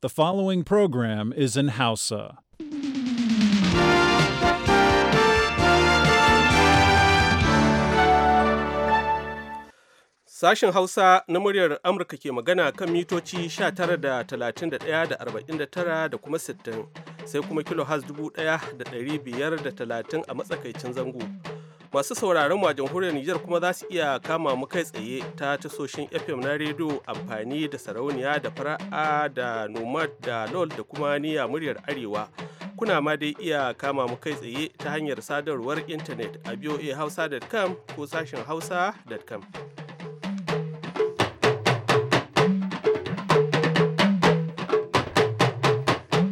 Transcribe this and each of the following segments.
The following program is in Hausa. Sashen Hausa na muryar Amurka ke magana kan mitoci 19 da 31 da da kuma 60 sai kuma kilo 1530 a matsakaicin zango. masu sauraron a jamhuriyar Nijar kuma za su iya kama mu kai tsaye ta tasoshin FM na rediyo amfani da sarauniya da fara'a da nomad da lol da kuma niya muryar arewa. Kuna ma dai iya kama mu kai tsaye ta hanyar sadarwar intanet a Hausa.com ko sashen hausa.com.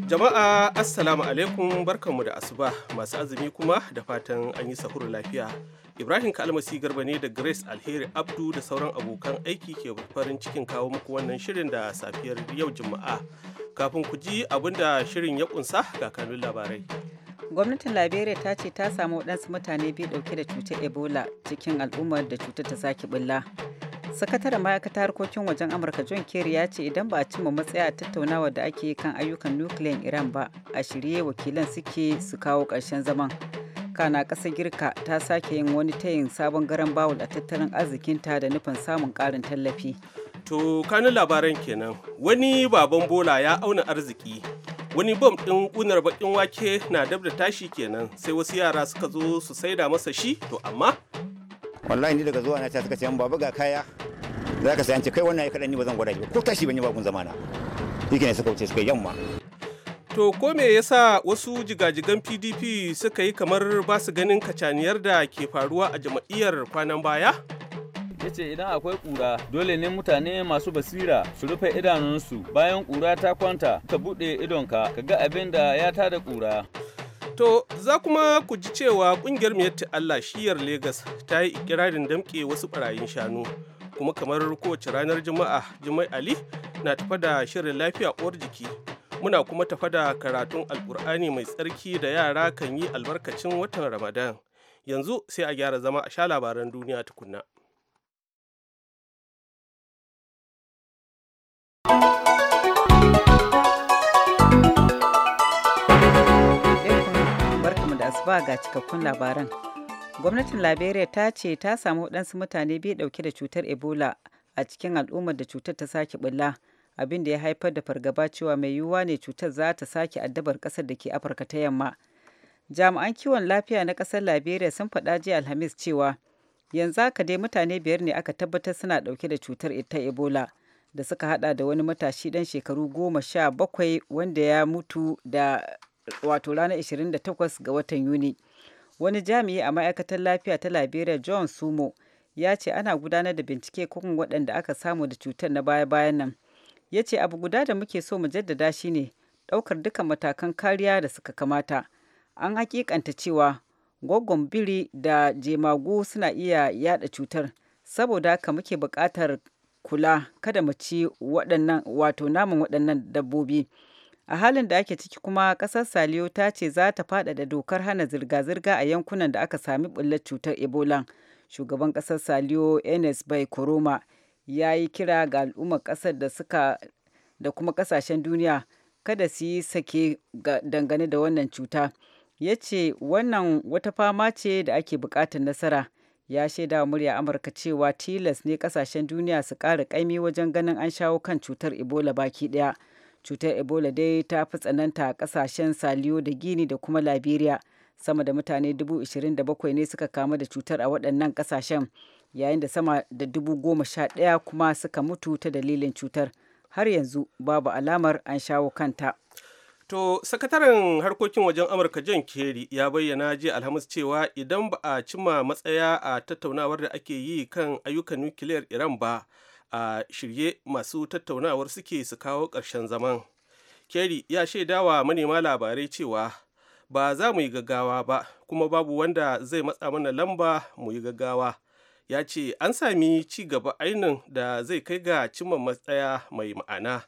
Jama'a Assalamu alaikum barkanmu da asuba masu azumi kuma da fatan an yi sahuru lafiya. Ibrahim Kalmasi Garba ne da Grace Alheri Abdu da sauran abokan aiki ke farin cikin kawo muku wannan shirin da safiyar yau Juma'a. Kafin ku ji abin da shirin ya kunsa ga kanun labarai. Gwamnatin Liberia ta ce ta samu waɗansu mutane biyu ɗauke da cutar Ebola cikin al'ummar da cutar ta sake bulla. sakataren ma'aikatar harkokin wajen amurka john kerry ya ce idan ba a cimma matsaya tattaunawa da ake kan ayyukan nukiliyan iran ba a shirye wakilan suke su kawo ƙarshen zaman kana ƙasar girka ta sake yin wani tayin sabon garan bawul a tattalin arzikinta da nufin samun karin tallafi to kanin labaran kenan wani baban bola ya auna arziki wani bom ɗin ƙunar bakin wake na dab da tashi kenan sai wasu yara suka zo su saida masa shi to amma wallahi ni daga zuwa na ta suka sayan babu ga kaya za ka sayan ce kai wannan ya kaɗan ni ba zan gwada ko tashi ban yi babun zamana shi ne suka wuce suka yamma to ko me yasa wasu jigajigan pdp suka yi kamar ba su ganin kacaniyar da ke faruwa a jama'iyyar kwanan baya yace idan akwai ƙura dole ne mutane masu basira su rufe idanunsu bayan ƙura ta kwanta ka buɗe idonka ka ga abin da ya tada kura To, za kuma ku ji cewa kungiyar Miyatti Allah shiyar Legas ta yi ikirarin damƙe wasu ɓarayin shanu. Kuma kamar kowace ranar Juma'a, Jumai Ali na tafa da shirin lafiya uwar jiki. Muna kuma tafa da karatun Alƙur'ani mai tsarki da yara kan yi albarkacin watan Ramadan. Yanzu sai a gyara zama a sha labaran duniya tukunna. ba ga cikakkun labaran. Gwamnatin Liberia ta ce ta samu waɗansu mutane biyu ɗauke da cutar Ebola a cikin al'ummar da cutar ta sake bulla abin da ya haifar da fargaba cewa mai yiwuwa ne cutar za ta sake addabar ƙasar da ke Afirka ta yamma. Jami'an kiwon lafiya na ƙasar Liberia sun faɗa jiya Alhamis cewa yanzu haka dai mutane biyar ne aka tabbatar suna ɗauke da cutar ta Ebola. da suka hada da wani matashi dan shekaru goma sha bakwai wanda ya mutu da wato ranar 28 ga watan Yuni. Wani jami'i a ma'aikatar lafiya ta Liberia John Sumo ya ce ana gudanar da bincike kan waɗanda aka samu da cutar na baya-bayan nan. Ya ce abu guda da muke so mu jaddada shi ne ɗaukar duka matakan kariya da suka kamata. An hakikanta cewa gwaggon biri da jemagu suna iya yada cutar, saboda haka muke buƙatar kula kada mu ci waɗannan wato naman waɗannan dabbobi. a halin da ake ciki kuma kasar saliyo ta ce za ta faɗaɗa dokar hana zirga-zirga a yankunan da aka sami ɓullar cutar ebola shugaban kasar saliyo enes bai koroma ya yi kira ga al'ummar kasar da suka da kuma kasashen duniya kada su yi sake dangane da wannan cuta ya ce wannan wata fama ce da ake buƙatar nasara ya shaida wa murya amurka cewa tilas ne kasashen duniya su ƙara ƙaimi wajen ganin an shawo kan cutar ebola baki ɗaya Cutar Ebola dai ta fi tsananta a ƙasashen Saliyo da Gini da kuma Liberia. Sama da mutane bakwai ne suka kamu da cutar a waɗannan kasashen yayin da sama da ɗaya kuma suka mutu ta dalilin cutar. Har yanzu babu alamar an shawo kanta. To, sakataren harkokin wajen Amurka John Kerry ya bayyana jiya Alhamis cewa idan ba a cima matsaya a tattaunawar da ake yi kan ayyukan nukiliyar Iran ba, a shirye masu tattaunawar suke su kawo ƙarshen zaman kerry ya shaidawa manema labarai cewa ba za mu yi gaggawa ba kuma babu wanda zai matsa mana lamba mu yi gaggawa ya ce an sami ci gaba ainin da zai kai ga cimma matsaya mai ma'ana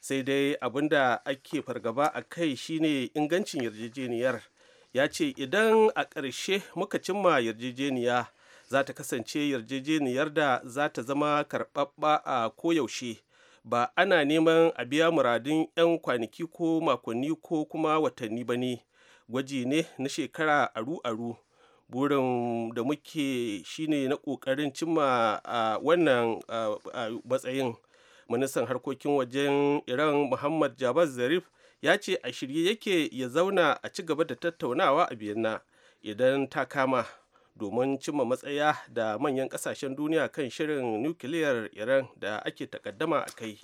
sai dai abin da ake fargaba a kai shine ingancin yarjejeniyar ya ce idan a ƙarshe muka cimma yarjejeniya za ta kasance yarjejeniyar da za ta zama karɓaɓɓa a koyaushe ba ana neman a biya muradun 'yan kwanaki ko makonni ko kuma watanni ba ne gwaji ne na shekara aru-aru burin da muke shine na ƙoƙarin cimma a wannan matsayin ministan harkokin wajen iran muhammad jabaz zarif ya ce a shirye yake ya zauna a ci gaba da tattaunawa a biyana idan ta kama domin cimma matsaya da manyan kasashen duniya kan shirin nukiliyar iran da ake takaddama a kai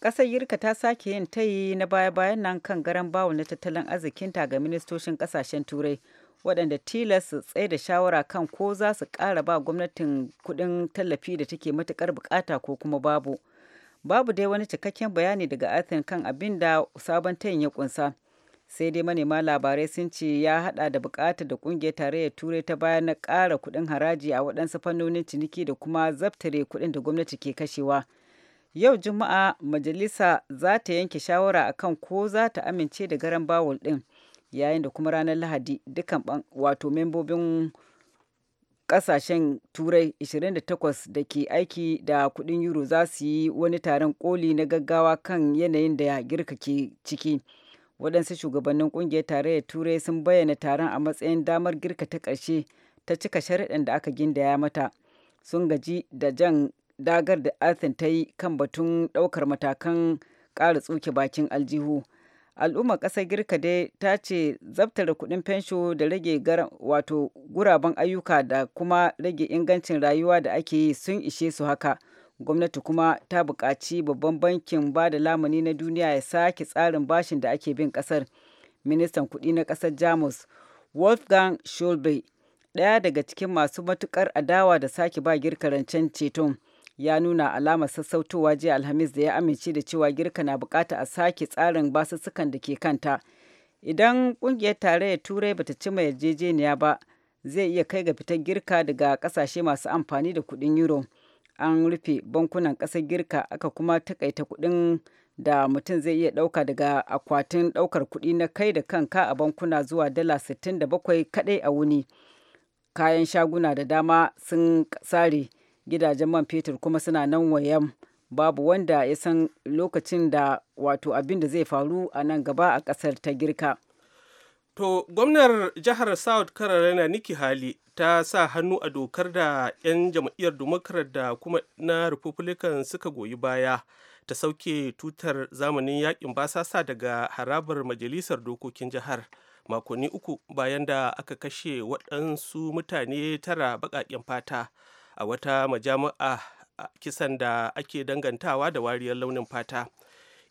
ƙasar yirka ta sake yin tayi na baya-bayan nan kan garan bawo na tattalin arzikinta ga ministocin ƙasashen turai waɗanda tilas su tsaye da shawara kan ko za su ƙara ba gwamnatin kuɗin tallafi da take matuƙar buƙata ko kuma babu babu dai wani cikakken bayani daga athens kan abin da sabon tayin ya ƙunsa sai dai manema labarai sun ce ya hada da bukatar da kungiyar tarayyar turai ta bayan na kara kudin haraji a waɗansu fannonin ciniki da kuma zabtare kudin da gwamnati ke kashewa yau juma'a majalisa za ta yanke shawara akan ko za ta amince da garan bawul din yayin da kuma ranar lahadi dukkan wato membobin kasashen turai 28 da ke aiki da kudin euro za su yi wani taron koli na gaggawa kan yanayin da girka ke ciki waɗansu shugabannin ƙungiyar tarayyar turai sun bayyana taron a matsayin damar girka ta ƙarshe ta cika sharaɗin da aka gindaya mata sun gaji da jan dagar da Athens ta yi kan batun ɗaukar matakan ƙara tsuke bakin aljihu. Al'ummar ƙasar Girka dai ta ce zabtar kuɗin fensho da rage wato guraben ayyuka da kuma rage ingancin rayuwa da ake yi sun ishe su haka. gwamnati kuma ta buƙaci babban bankin ba da lamuni na duniya ya sake tsarin bashin da ake bin ƙasar ministan kuɗi na ƙasar jamus wolfgang schulbe ɗaya daga cikin masu matuƙar adawa da sake ba girka rancen ceton ya nuna alamar sassautowa jiya alhamis da ya amince da cewa girka na bukata a sake tsarin basussukan da ke kanta idan ƙungiyar tarayyar turai bata cima yarjejeniya ba zai iya kai ga fitar girka daga ƙasashe masu amfani da kuɗin euro an rufe bankunan ƙasar girka aka kuma takaita kuɗin da mutum zai iya ɗauka daga akwatin ɗaukar kuɗi na kai da kanka a bankuna zuwa dala 67 kaɗai a wuni kayan shaguna da dama sun sare gidajen man fetur kuma suna nan wayan babu wanda ya san lokacin da wato abin da zai faru a nan gaba a ƙasar ta girka To, gwamnar jihar South Carolina Nikki Haley ta sa hannu a dokar da 'yan jam'iyyar Democrat da kuma na Republican suka goyi baya ta sauke tutar zamanin yakin basasa daga harabar majalisar dokokin jihar makonni uku bayan da aka kashe waɗansu mutane tara baƙaƙen fata a wata majami'a kisan da ake dangantawa da wariyar launin fata.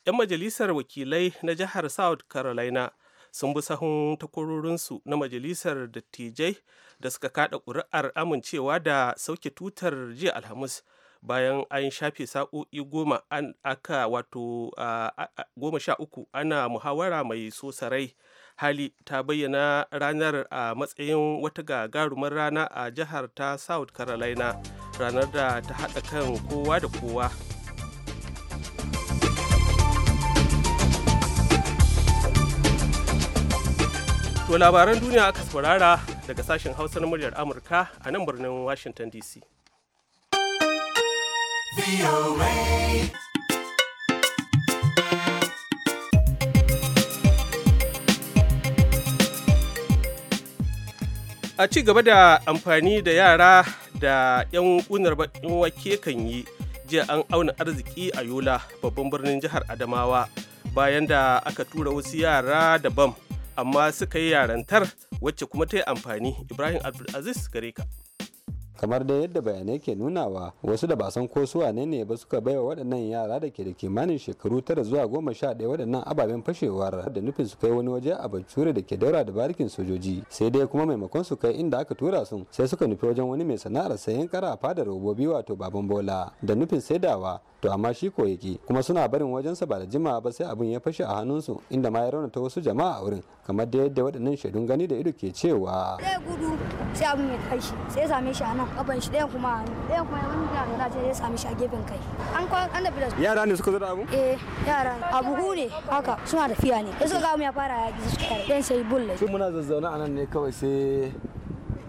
'Yan majalisar wakilai na jihar South Carolina. sun bi sahun takwarorinsu na majalisar dattijai da suka kada ƙuri'ar amincewa da sauke tutar jiya alhamis bayan an shafe sa'o'i goma aka wato goma sha uku ana muhawara mai sosarai hali ta bayyana ranar a matsayin wata gagarumar rana a jihar ta south carolina ranar da ta haɗa kan kowa da kowa To labaran duniya aka saurara daga sashen Hausa muryar Amurka a nan birnin Washington DC. A ci gaba da amfani da yara da 'yan kunar bakin wake kan yi jiya an auna arziki a Yola babban birnin jihar Adamawa bayan da aka tura wasu yara da bam amma suka yi yarantar wacce kuma ta yi amfani ibrahim abdulaziz gare ka kamar dai yadda bayanai ke nunawa wasu da ba san ko su wane ne ba suka baiwa waɗannan yara da ke da kimanin shekaru tara zuwa goma sha ɗaya waɗannan ababen fashewar da nufin su kai wani waje a bature da ke daura da barikin sojoji sai dai kuma maimakon su kai inda aka tura su sai suka nufi wajen wani mai sana'ar sayan kara a fadar robobi wato baban bola da nufin sai saidawa to amma shi ko yake kuma suna barin wajensa ba da jima ba sai abin ya fashe a hannunsu inda ma ya raunata wasu jama'a a wurin kamar da yadda waɗannan shaidun gani da ido ke cewa zai gudu sai abin ya kai sai same shi a kafan shi ɗayan kuma ɗayan kuma wanda da lafiya ya sami shi a gefen kai an kwan an da bilas yara ne suka zo da abu eh yara abu hu ne haka suna tafiya ne sai suka ga mu ya fara yaƙi suka kare ɗayan sai bulle sai muna zazzauna anan ne kawai sai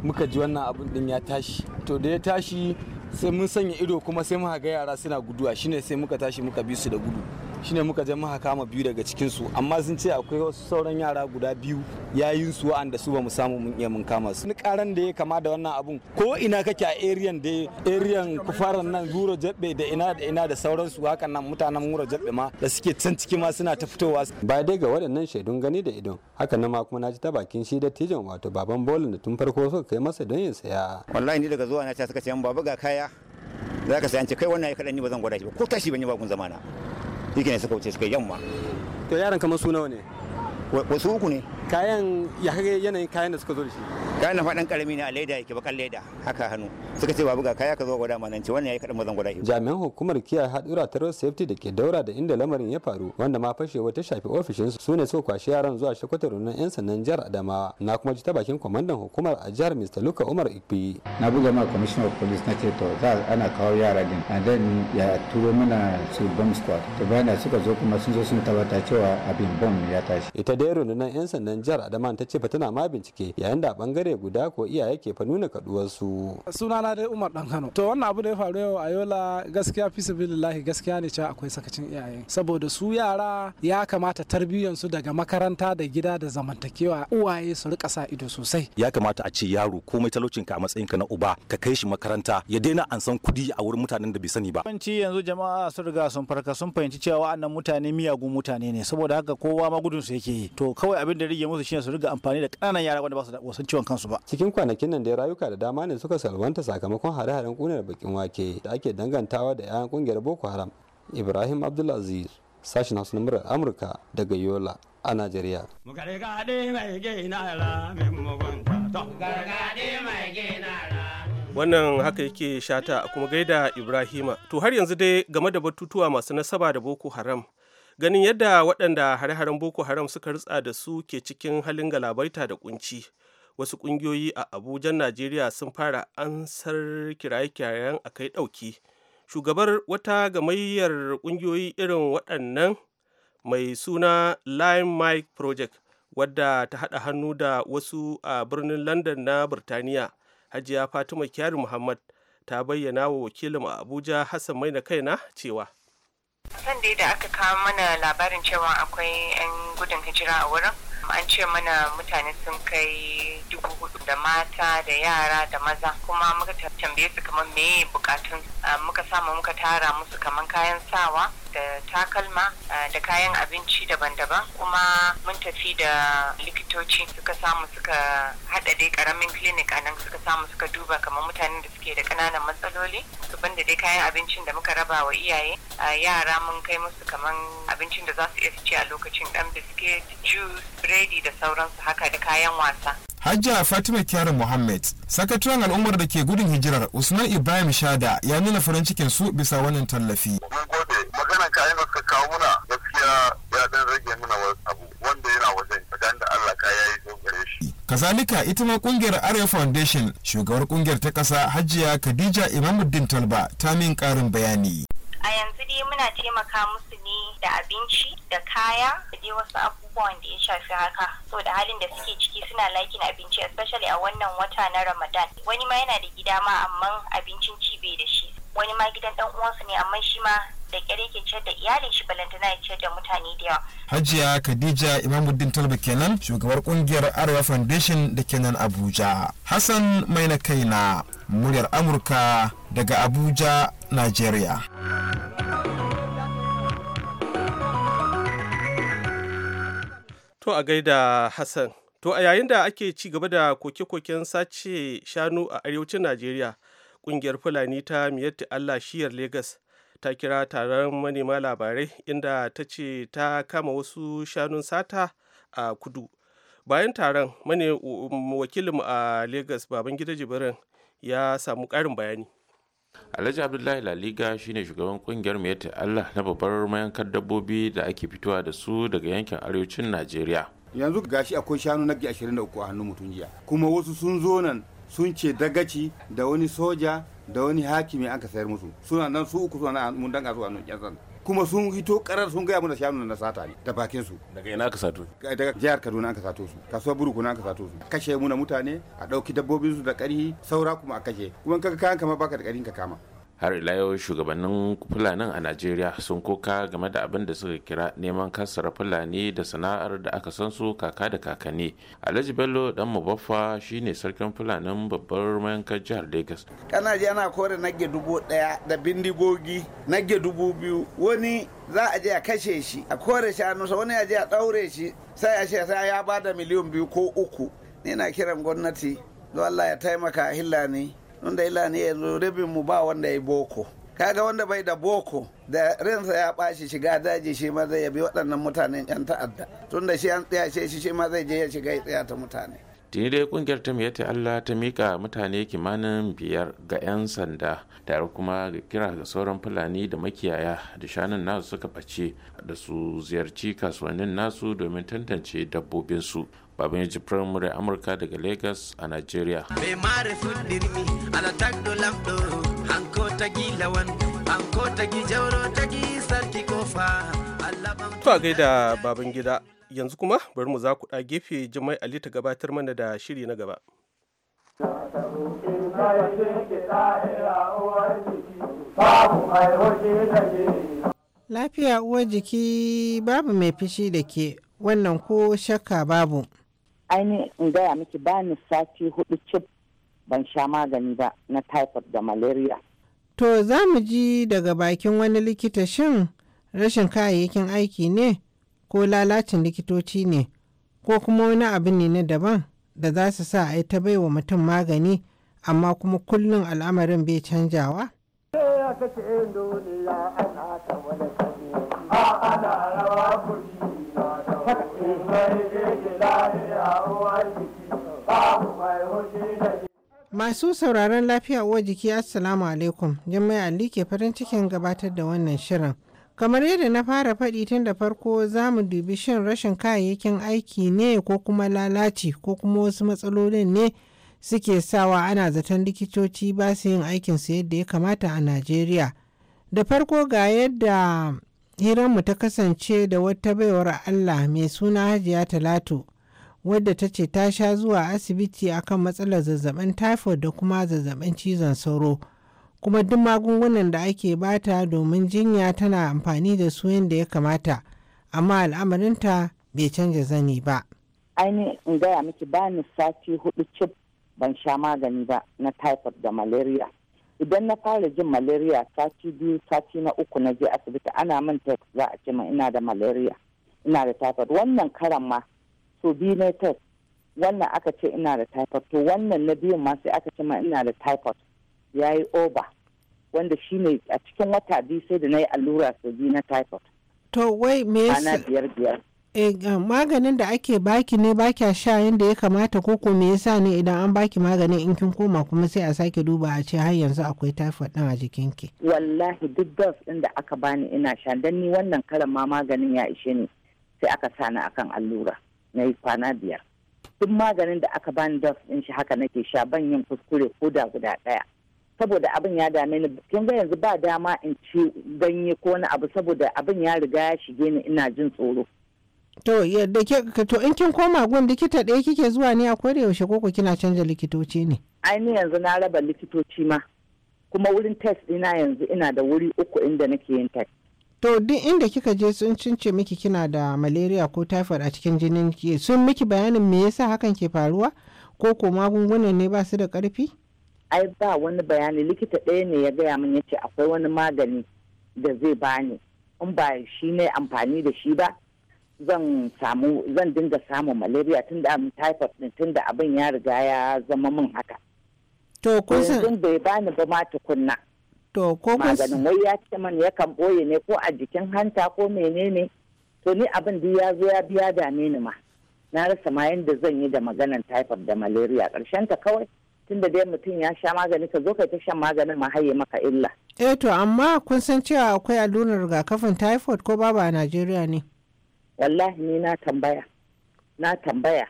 muka ji wannan abun din ya tashi to da ya tashi sai mun sanya ido kuma sai muka ga yara suna guduwa shine sai muka tashi muka bi su da gudu shine muka je muka kama biyu daga cikin su amma sun ce akwai wasu sauran yara guda biyu yayin su wa'anda su bamu samu mun iya mun kama su ni karan da ya kama da wannan abun ko ina kake a area da area kufaran nan zuro jabbe da ina da ina da sauran su hakan nan mutanen muro jabbe ma da suke can ciki ma suna ta fitowa ba dai ga waɗannan shaidun gani da idon haka nan ma kuma naji ta bakin shi da tijan wato baban bolin da tun farko suka kai masa don yin saya wallahi ni daga zuwa na ta suka ce baba ga kaya zaka sai an ce kai wannan ya kaɗan ni ba zan gwada shi ba ko tashi ban yi ba kun zamana yake ne suka wuce suka yamma to yaran kamar su nawa ne wasu uku ne kayan ya kage yanayin kayan da suka zo da shi kayan faɗan karami ne a leda yake bakan leda haka hannu suka ce babu ga kaya ka zo gwada ma nan ce wannan yayi kadan mazan gwada jami'an hukumar kiyaye hadura ta road safety da ke daura da inda lamarin ya faru wanda ma fashewa ta shafi ofishin su ne so kwashi yaran zuwa shakwatar runan yan sannan jihar Adamawa na kuma ji ta bakin kwamandan hukumar a jihar Mr. Luka Umar Ikpi na buga ma commissioner of police na ce to za ana kawo yara din and then ya turo mana su bomb squad to bayan suka zo kuma sun zo sun tabbata cewa abin bomb ya tashi ita dai rundunar yan sannan jihar Adamawa ta ce ba tana ma bincike yayin da bangare bangare guda ko iyaye ke fa nuna kaduwarsu sunana dai umar dan kano to wannan abu da ya faru yau a yola gaskiya fi sabilillahi gaskiya ne cewa akwai sakacin iyaye saboda su yara ya kamata tarbiyyansu daga makaranta da gida da zamantakewa uwaye su rika sa ido sosai ya kamata a ce yaro komai talaucinka a matsayinka na uba ka kai shi makaranta ya daina an san kudi a wurin mutanen da bai sani ba yawanci yanzu jama'a sun riga sun farka sun fahimci cewa wa'annan mutane miyagun mutane ne saboda haka kowa ma gudun su yake yi to kawai abin da rige musu shine su riga amfani da ƙananan yara wanda ba su da wasan ciwon kansu kansu ba cikin kwanakin nan da rayuka da dama ne suka salwanta sakamakon hare-haren kunar bakin wake da ake dangantawa da 'ya'yan kungiyar boko haram ibrahim abdulaziz sashen hausa na amurka daga yola a najeriya wannan haka yake shata kuma gaida ibrahima to har yanzu dai game da batutuwa masu nasaba da boko haram ganin yadda waɗanda hare-haren boko haram suka rutsa da su ke cikin halin galabaita da kunci wasu ƙungiyoyi a abujan najeriya sun fara ansar kiraye-kirayen a kai ɗauki shugabar wata gamayyar ƙungiyoyi irin waɗannan mai suna lime mike project wadda ta haɗa hannu da wasu a birnin london na birtaniya hajiya fatima kyari muhammad ta bayyana wa wakilin abuja hassan mai na kaina cewa san da aka kawo mana labarin cewa akwai 'yan gudun hijira a wurin an ce mana mutane sun kai dubu hudu da mata da yara da maza kuma muka tambaye su kamar me bukatun ah, muka samu muka tara musu kamar kayan sawa da takalma da kayan abinci daban-daban kuma mun tafi da likitoci suka samu suka haɗa dai karamin clinic a nan suka samu suka duba kamar mutanen da suke da ƙananan matsaloli su banda dai kayan abincin da muka raba wa iyaye yara mun kai musu kamar abincin da za su iya ci a lokacin ɗan biskit juice biredi da sauransu haka da kayan wasa Hajja Fatima Kyara Muhammad, sakataren al'ummar da ke gudun hijirar Usman Ibrahim Shada ya nuna farin cikin su bisa wannan tallafi. Mun gode kazalika ita ma kungiyar arewa foundation shugabar kungiyar ta kasa hajiya khadija imamuddin talba ta min karin bayani a yanzu dai muna taimaka musu ne da abinci da kaya da dai wasu abubuwan da ya shafi haka so da halin da suke ciki suna lakin abinci especially a wannan wata na ramadan wani ma yana da gida ma amma abincin ci bai da shi wani ma gidan dan uwansu ne amma shi ma da kyare ke ce da iyalin shi balantana ya ce da mutane da yawa. Hajiya Khadija Imamuddin Talba kenan shugabar kungiyar Arewa Foundation da kenan Abuja. Hassan Maina na muryar Amurka daga Abuja, Nigeria. To a gaida Hassan. To a yayin da ake ci gaba da koke-koken sace shanu a arewacin Najeriya, kungiyar Fulani ta Miyatti Allah shiyar Legas ta kira taron manema labarai inda ta ce ta kama wasu shanun sata a kudu bayan taron um, wakilinmu a lagos babangida jibirin ya samu karin bayani alhaji abdullahi laliga shine shugaban kungiyar mai allah na babbar mayankar dabbobi da ake fitowa da su daga yankin arewacin najeriya yanzu gashi akwai shanu da 23 a hannun mutum jiya kuma wasu sun zo nan sun ce dagaci da wani soja da wani hakimi aka sayar musu suna nan su uku suna mun danga su a nan san kuma sun hito karar sun gaya da shanu na sata ne da bakin su daga ina aka sato daga jihar Kaduna aka sato su kasuwar Buruku aka sato su kashe mu na mutane a dauki dabbobin su da karhi saura kuma a kashe kuma kaga kayan kama baka da karin ka kama har ila yau shugabannin fulanin a najeriya sun koka game da abin da suka kira neman kassara fulani da sana'ar da aka san su kaka da kakanni alhaji bello dan mubaffa shine sarkin fulanin babbar mayankar jihar lagos kana ji ana kore nage dubu daya da bindigogi nage dubu biyu wani za a je a kashe shi a kore shanunsa wani ya je a daure shi sai a ce sai ya bada miliyan biyu ko uku ni na kiran gwamnati don allah ya taimaka hillani ila ne ya zo rabin mu ba wanda ya boko kaga wanda bai da boko da rinsa ya bashi shiga daji shi ma zai yabi waɗannan mutanen 'yan ta'adda tun da shi an tsayashe shi shi ma zai je ya shiga ya tsaya ta mutane tuni dai kungiyar ta mai Allah ta mika mutane kimanin biyar ga 'yan sanda tare kuma ga kira ga sauran fulani da makiyaya da shanun nasu suka ɓace da su ziyarci kasuwannin nasu domin tantance dabbobinsu babin yaji firamare amurka daga lagos a nigeria to gaida baban gida yanzu kuma bari mu za ku ɗa gefe jimai ali ta gabatar mana da shiri na gaba lafiya uwar jiki babu mai fishi da ke wannan ko shakka babu ainihin in gaya miki bani sati hudu cif ban sha magani ba na typhoid da malaria to za mu ji daga bakin wani likita shin rashin kayayyakin aiki ne ko lalacin likitoci ne ko kuma wani abu ne na daban da za su sa a yi ta baiwa mutum magani amma kuma kullum al'amarin bai canjawa? ana rawa Masu sauraron lafiya uwa jiki Assalamu alaikum, Jummai Ali ke farin cikin gabatar da wannan shirin. Kamar yadda na fara faɗi tun da farko za mu dubi shin rashin kayayyakin aiki ne ko kuma lalaci ko kuma wasu matsalolin ne suke sawa ana zaton likitoci ba su yin aikinsu yadda ya kamata a Najeriya. Da farko ga yadda hiranmu ta kasance da wata baiwar Allah mai suna Hajiya Talatu wadda ta ce ta sha zuwa asibiti akan matsalar zazzabin typhoid da kuma zazzabin cizon sauro kuma duk magungunan da ake bata domin jinya tana amfani da su yadda ya kamata amma al'amarinta bai canja zani ba. ainihin in gaya miki bani sati hudu cif ban sha magani ba na typhoid da malaria idan na fara jin malaria sati biyu sati na uku na je asibiti ana min test za a ce ma ina da malaria ina da typhoid wannan karan ma so biyu na test wannan aka ce ina da typhoid to wannan na biyun ma sai aka ce ma ina da typhoid ya yi over wanda shi ne a cikin wata biyu sai da na yi allura sau biyu na typhoid to wai me yasa biyar biyar Eh, maganin da ake baki ne baki a sha yadda ya kamata ko ko me yasa ne idan an baki maganin in kin koma kuma sai a sake duba a ce har yanzu akwai typhoid din a jikin ki. wallahi duk dos din da aka bani ina sha dan ni wannan karan ma maganin ya ishe ni sai aka sa ni akan allura na yi kwana biyar duk maganin da aka bani dos din shi haka nake sha ban yin kuskure ko da guda ɗaya, saboda abin ya dame ni kin ga yanzu ba dama in ci ganye ko wani abu saboda abin ya riga ya shige ni ina jin tsoro To yadda ke to in kin koma gun likita ɗaya kike zuwa ne a da yaushe koko kina canja likitoci ne? Ai ni yanzu na raba likitoci ma. Kuma wurin test dina yanzu ina da wuri uku inda nake yin test. To duk inda kika je sun cince miki kina da malaria ko typhoid a cikin jinin ki sun miki bayanin me yasa hakan ke faruwa ko ko magungunan ne ba su da karfi? Ai ba wani bayani likita ɗaya ne ya gaya min yace akwai wani magani da zai bani in ba shi ne amfani da shi ba zan samu zan dinga samun malaria tun da typhoid din tun da abin ya riga ya zama min haka to kun san bai bani ba ma tukunna to ko kun maganin wai ya ce man ya kan boye ne ko a jikin hanta ko menene to ni abin da ya zo ya biya da ni ma na rasa ma yanda zan yi da maganan typhoid da malaria karshen ta kawai tunda dai mutum ya sha magani ka zo ka ta shan maganin ma haye maka illa eh to amma kun san cewa akwai allurar rigakafin typhoid ko babu a Najeriya ne wallahi ni na tambaya na tambaya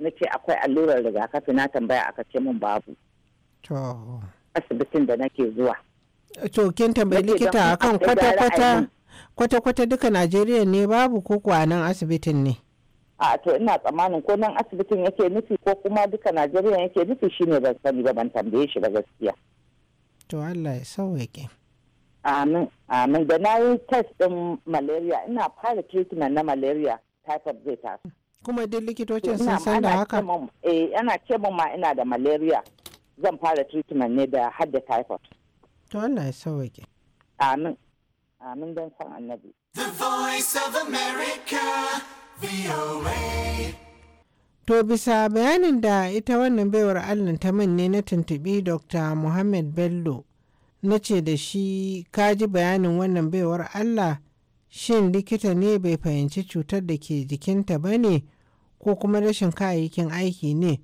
na ce akwai allurar rigakafi na tambaya aka ce min babu asibitin da nake zuwa to kin tambayi likita akan kwata-kwata kwata-kwata duka najeriya ne babu ko kuwa nan asibitin ne a to ina tsammanin ko nan asibitin yake nufi ko kuma duka najeriya yake nufi shine ban sani ba ban tambaye shi ba gaskiya to allah ya sauke Amin, amin da na yi test ɗin malaria ina fara treatment na malaria typhoid zai taso. Kuma dai likitocin sun san da haka? Eh, ana ce mun ma ina da malaria zan fara treatment ne da hadda typhoid. To Allah ya sauke. Amin, amin don san annabi. The Voice of America, VOA. To bisa bayanin da ita wannan baiwar Allah ta manne na tuntubi Dr. Muhammad Bello. na ce da shi ka ji bayanin wannan baiwar Allah shin likita ne bai fahimci cutar da ke jikinta ba ne ko kuma rashin kayayyakin aiki ne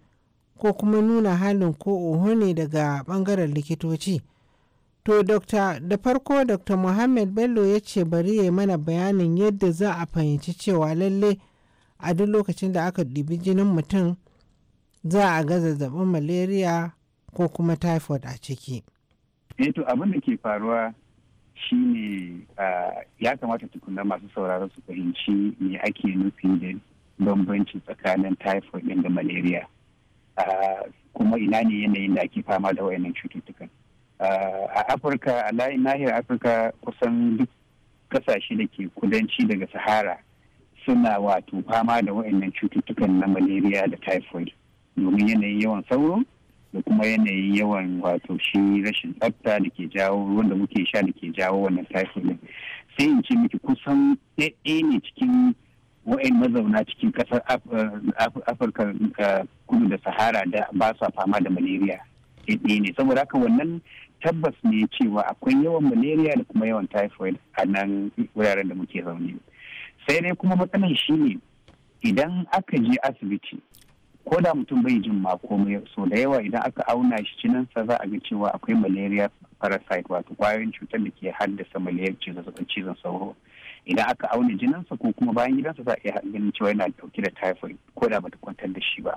ko kuma nuna halin ko oho ne daga bangaren likitoci to da farko dr muhammad bello ya ce bari ya mana bayanin yadda za a fahimci cewa lalle a duk lokacin da aka ɗibi jinin mutum za a ga zazzabin malaria ko kuma typhoid a ciki. eh to abin da ke faruwa shine ya kamata tukunan masu sauraro su fahimci me ake nufin da bambanci tsakanin typhoid ɗin da malaria kuma ina ne yanayin da ake fama da wayannan cututtukan a afirka a nahiyar afirka kusan duk kasashe da ke kudanci daga sahara suna wato fama da wayannan cututtukan na malaria da typhoid domin yanayin yawan sauro da kuma yanayin yawan wato shi rashin tsafta da ke jawo ruwan muke sha da ke jawo wannan typhoid ne sai in ce miki kusan ɗaya ne cikin wa'in mazauna cikin ƙasar eh, afirka eh, kudu da sahara da ba sa fama da malaria ɗaya ne saboda haka wannan tabbas ne cewa akwai yawan malaria da kuma yawan typhoid a nan wuraren da muke zaune sai dai kuma matsalan shi ne idan aka je asibiti ko da mutum bai jin ma komai so da yawa idan aka auna shi cinansa za a ga cewa akwai malaria parasite wato kwayoyin cutar da ke haddasa malaria cizon sauro idan aka auna jinansa ko kuma bayan gidansa za a iya ganin cewa yana dauke da typhoid ko da bata kwantar da shi ba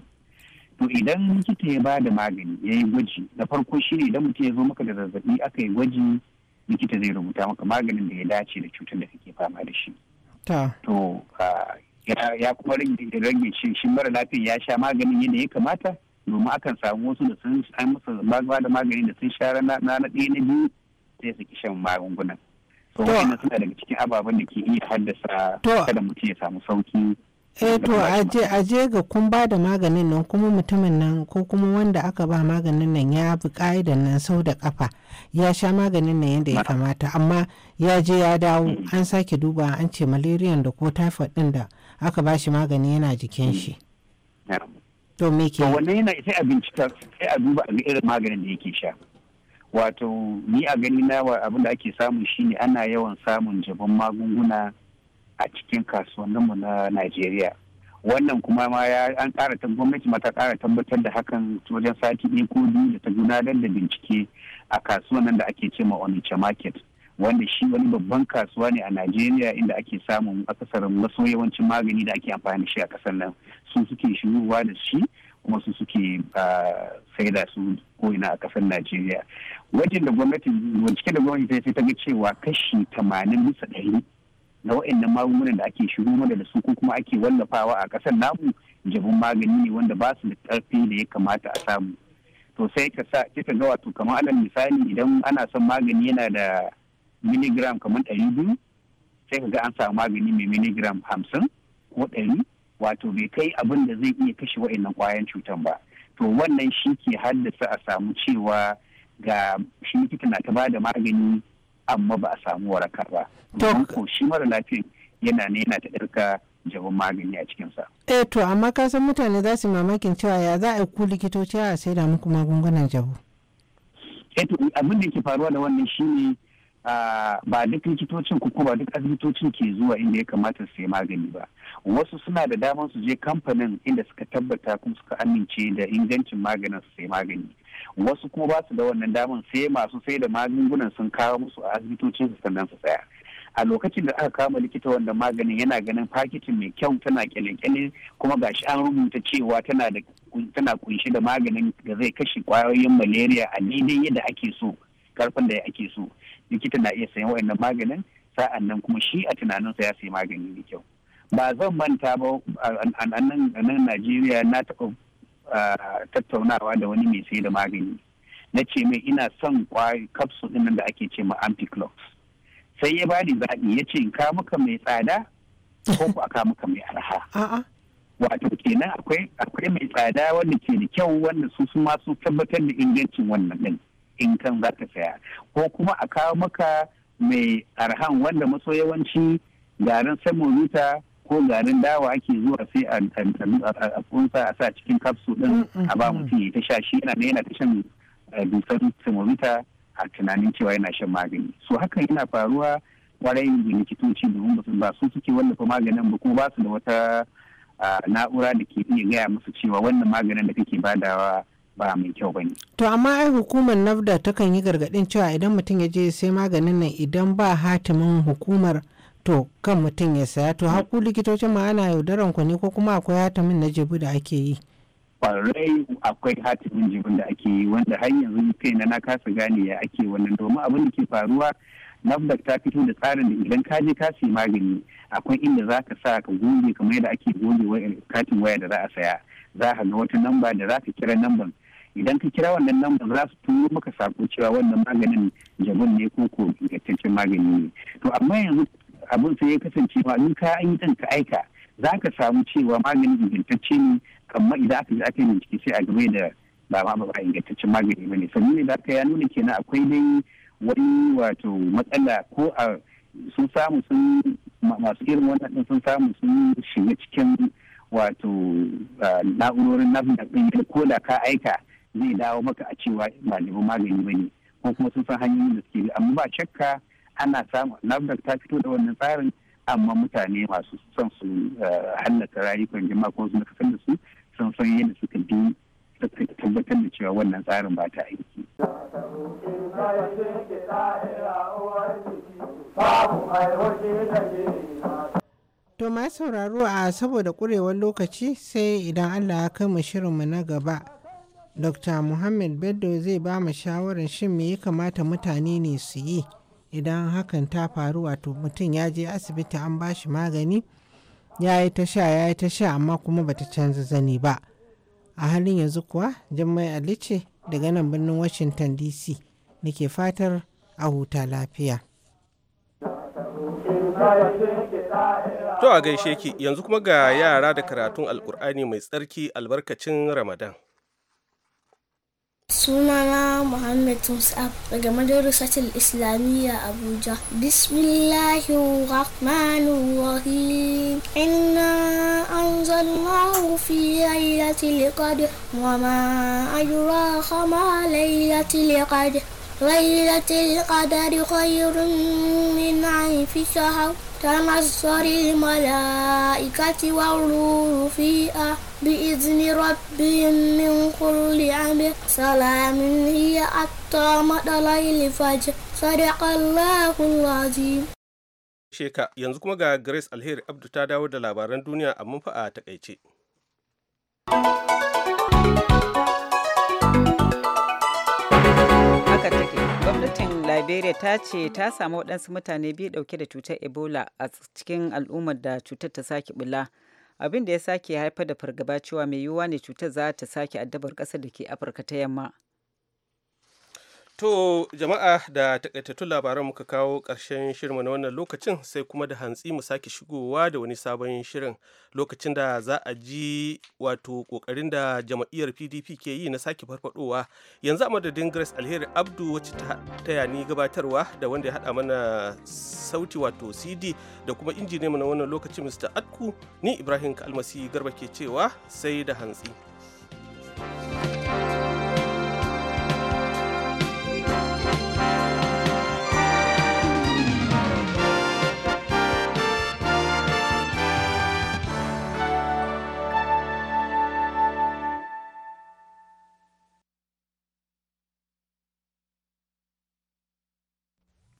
to idan likita ya ba da magani ya yi gwaji na farko shine idan mutum ya zo maka da zazzabi aka yi gwaji likita zai rubuta maka maganin da ya dace da cutar da kake fama da shi to ah, ya kuma rage shi shi mara lafiya ya sha maganin yadda ya kamata domin akan samu wasu da sun an musu magana da magani da sun sha na na ɗaya na biyu sai su ki shan magungunan. So, suna daga cikin ababen da ke iya haddasa kada mutum ya samu sauki eh to aje aje ga kun ba da maganin nan kuma mutumin nan ko kuma wanda aka ba maganin nan ya bi ka'idan nan sau da kafa ya sha maganin nan yadda ya kamata amma ya je ya dawo mm. an sake duba an ce malariyan da ko typhoid din da aka ba shi magani yana jikin shi mm. to me ke wannan yana sai a bincika sai a duba a irin maganin da yake sha wato ni a gani na abin da ake samu shine ana yawan samun jaban magunguna a cikin kasuwanninmu na Najeriya. Wannan kuma ma ya an ƙara gwamnati ma ta ƙara tabbatar da hakan wajen sati ɗaya ko biyu da ta gudanar da bincike a nan da ake ce ma Onitsha Market. Wanda shi wani babban kasuwa ne a Najeriya inda ake samun akasarin maso yawancin magani da ake amfani da shi a ƙasar nan. Su suke shigowa da shi kuma su suke saida su ko'ina a kasar Najeriya. Wajen da gwamnati, bincike da gwamnati sai ta ga cewa kashi tamanin bisa ɗari na wa'annan magungunan da ake shigo mana da su ko kuma ake wallafawa a ƙasar namu jabin magani ne wanda ba su da ƙarfi da ya kamata a samu to sai ka sa kika ga wato kamar alal misali idan ana son magani yana da miligram kamar ɗari biyu sai ka ga an samu magani mai miligram hamsin ko ɗari wato bai kai abin da zai iya kashe wa'annan ƙwayan cutan ba to wannan shi ke haddasa a samu cewa ga shi likita na ta ba da magani amma ba a samu warakar ba to shi mara lafiyan yana ne yana ta ɗarka jabin magani a cikinsa. eh to amma ka san mutane za su mamakin cewa ya za a ku likitoci a sai da muku magungunan jabu. eh to abin da ke faruwa da wannan shi ne ba duk likitocin ku ko ba duk asibitocin ke zuwa inda ya kamata su yi magani ba wasu suna da damar su je kamfanin inda suka tabbata kuma suka amince da ingancin maganin su sai magani wasu kuma ba su da wannan daman sai masu sai da magungunan sun kawo musu a asibitocin su sannan su tsaya a lokacin da aka kama likita wanda maganin yana ganin fakitin mai kyau tana kyalekyale kuma kuma shi an rubuta cewa tana da tana kunshi da maganin da zai kashe kwayoyin malaria a daidai yadda ake so karfin da ake so likita na iya sayan wayannan maganin sa'an nan kuma shi a tunaninsa ya sayi magani mai kyau ba zan manta ba a nan Najeriya na taɓa tattaunawa da wani mai sai da magani na ce mai ina son kwayoyin kapsul ɗin da ake ce ma ampiclox sai ya bani zaɓi ya ce in ka muka mai tsada ko ku aka muka mai arha wato kenan akwai mai tsada wanda ke da kyau wanda su su ma su tabbatar da ingancin wannan ɗin in kan za ka saya ko kuma a kawo maka mai arhan wanda maso yawanci garin samun ruta ko garin dawa ake zuwa sai a kunsa a sa cikin kapsu din a ba mutum ya ta sha shi yana yana ta shan eh, dusar thermometer a tunanin cewa yana shan magani so hakan yana faruwa kwarai da likitoci domin ba su suke wallafa maganin ba kuma ba su da wata na'ura da ke iya gaya musu cewa wannan maganin da kake badawa ba mai kyau bane. To amma ai hukumar NAFDA takan yi gargadin cewa idan mutum ya je sai maganin nan idan ba hatimin hukumar to kan mutum ya saya to haku likitocin ma ana yaudaran ku ne ko kuma akwai hatamin na jibi da ake yi kwarai akwai hatimin jibin da ake yi wanda har yanzu kai na na kasa gane ya ake wannan domin abin da ke faruwa nafdak ta fito da tsarin da idan ka je ka sayi magani akwai inda za ka sa ka goge kamar yadda ake goge katin waya da za a saya za ka ga wata namba da za ka kira namban idan ka kira wannan lamban za su turo maka sako cewa wannan maganin jabin ne ko ko ingantaccen magani ne to amma yanzu abin sai ya kasance ma in ka yi ɗan ka aika za ka samu cewa maganin ingantacce ne kamar idan aka yi aka yi bincike sai a game da ba ma ba ingantaccen magani ba ne sannan ne da aka ya nuna kenan akwai dai wani wato matsala ko a sun samu sun masu irin wannan sun samu sun shiga cikin wato na'urorin nafda ɗin ko da ka aika zai dawo maka a cewa ba magani ba ne ko kuma sun san hanyoyin da suke amma ba shakka ana samun NAFDAC ta fito da wannan tsarin amma mutane masu son su eh, hallaka rayukan jama'a ko su nakasar da su sun san yadda suka bi tabbatar da cewa wannan tsarin ba ta aiki. To ma sauraro a saboda kurewar lokaci sai idan Allah ya kai mu shirinmu na gaba. Dr. Muhammad beddo zai ba mu shawarar shin me ya kamata mutane ne su yi. idan hakan ta faru wato mutum ya je asibiti an ba shi magani ya yi ta sha ya yi ta sha amma kuma bata canza zani ba a halin yanzu kuwa Jummai ali ce daga nan birnin washington dc nake fatar a huta lafiya to a gaishe ki yanzu kuma ga yara da karatun alkur'ani mai tsarki albarkacin ramadan اسمنا محمد مصعب رقم مدرسة الإسلامية أبو أبوجا بسم الله الرحمن الرحيم إنا أنزلناه في ليلة القدر وما أدراك ما ليلة القدر ليلة القدر خير من عيف شهر تنصر الملائكة والروح فيها بإذن ربهم من كل عمر سلام هي حتى ليل فجر صدق الله العظيم Sheka yanzu kuma ga Grace Alheri Abdu ta dawo da labaran duniya amma fa a takaice. liberia ta ce ta samu waɗansu mutane biyu ɗauke da cutar ebola a cikin al'ummar da cutar ta sake bula abin da ya sake haifar da fargaba cewa mai yiwuwa ne cutar za ta sake addabar ƙasar da ke afirka ta yamma To jama'a da takaitattun labaran muka kawo ƙarshen shirinmu na wannan lokacin sai kuma da hantsi mu sake shigowa da wani sabon shirin lokacin da za a ji wato ƙoƙarin da jama'iyyar PDP ke yi na sake farfadowa yanzu a madadin Grace Alheri Abdu wacce ta taya ni gabatarwa da wanda ya haɗa mana sauti wato CD da kuma injiniyanmu na wannan lokacin Mr. Atku ni Ibrahim Kalmasi Garba ke cewa sai da hantsi.